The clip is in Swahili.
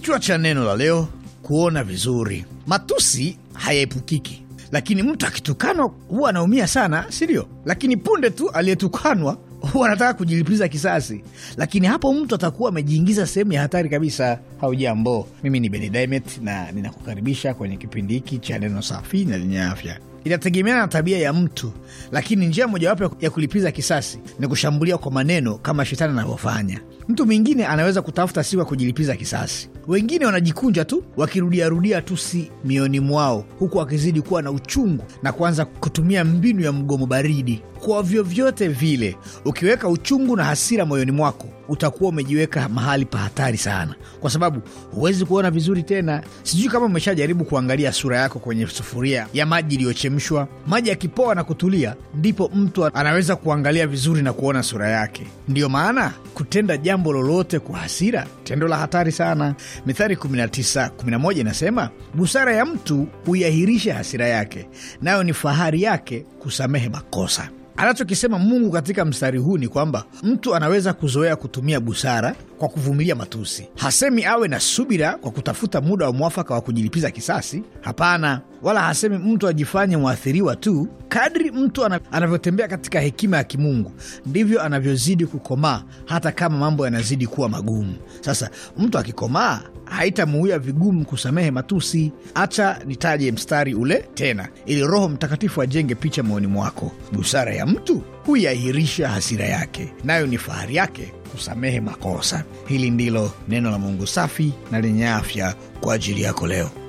Kichwa cha neno la leo: kuona vizuri. Matusi hayaepukiki, lakini mtu akitukanwa huwa anaumia sana, sindio? Lakini punde tu aliyetukanwa huwa anataka kujilipiza kisasi, lakini hapo mtu atakuwa amejiingiza sehemu ya hatari kabisa. Haujambo, mimi ni Benidaimet na ninakukaribisha kwenye kipindi hiki cha neno safi na lenye afya. Inategemeana na tabia ya mtu, lakini njia mojawapo ya kulipiza kisasi ni kushambulia kwa maneno kama shetani anavyofanya. Mtu mwingine anaweza kutafuta siku ya kujilipiza kisasi. Wengine wanajikunja tu wakirudiarudia tusi mioni mwao, huku wakizidi kuwa na uchungu na kuanza kutumia mbinu ya mgomo baridi. Kwa vyovyote vile, ukiweka uchungu na hasira moyoni mwako, utakuwa umejiweka mahali pa hatari sana, kwa sababu huwezi kuona vizuri tena. Sijui kama umeshajaribu kuangalia sura yako kwenye sufuria ya maji iliyochemshwa. Maji yakipoa na kutulia, ndipo mtu anaweza kuangalia vizuri na kuona sura yake. Ndiyo maana kutenda jambo lolote kwa hasira, tendo la hatari sana. Mithali 19:11 inasema, busara ya mtu huiahirisha hasira yake, nayo ni fahari yake kusamehe makosa. Anachokisema Mungu katika mstari huu ni kwamba mtu anaweza kuzoea kutumia busara kwa kuvumilia matusi. Hasemi awe na subira kwa kutafuta muda wa mwafaka wa kujilipiza kisasi, hapana, wala hasemi mtu ajifanye mwathiriwa tu. Kadri mtu anavyotembea katika hekima ya kimungu ndivyo anavyozidi kukomaa, hata kama mambo yanazidi kuwa magumu. Sasa mtu akikomaa haitamuuya vigumu kusamehe matusi. Acha nitaje mstari ule tena, ili Roho Mtakatifu ajenge picha moyoni mwako. Busara ya mtu huiahirisha hasira yake, nayo ni fahari yake kusamehe makosa. Hili ndilo neno la Mungu safi na lenye afya kwa ajili yako leo.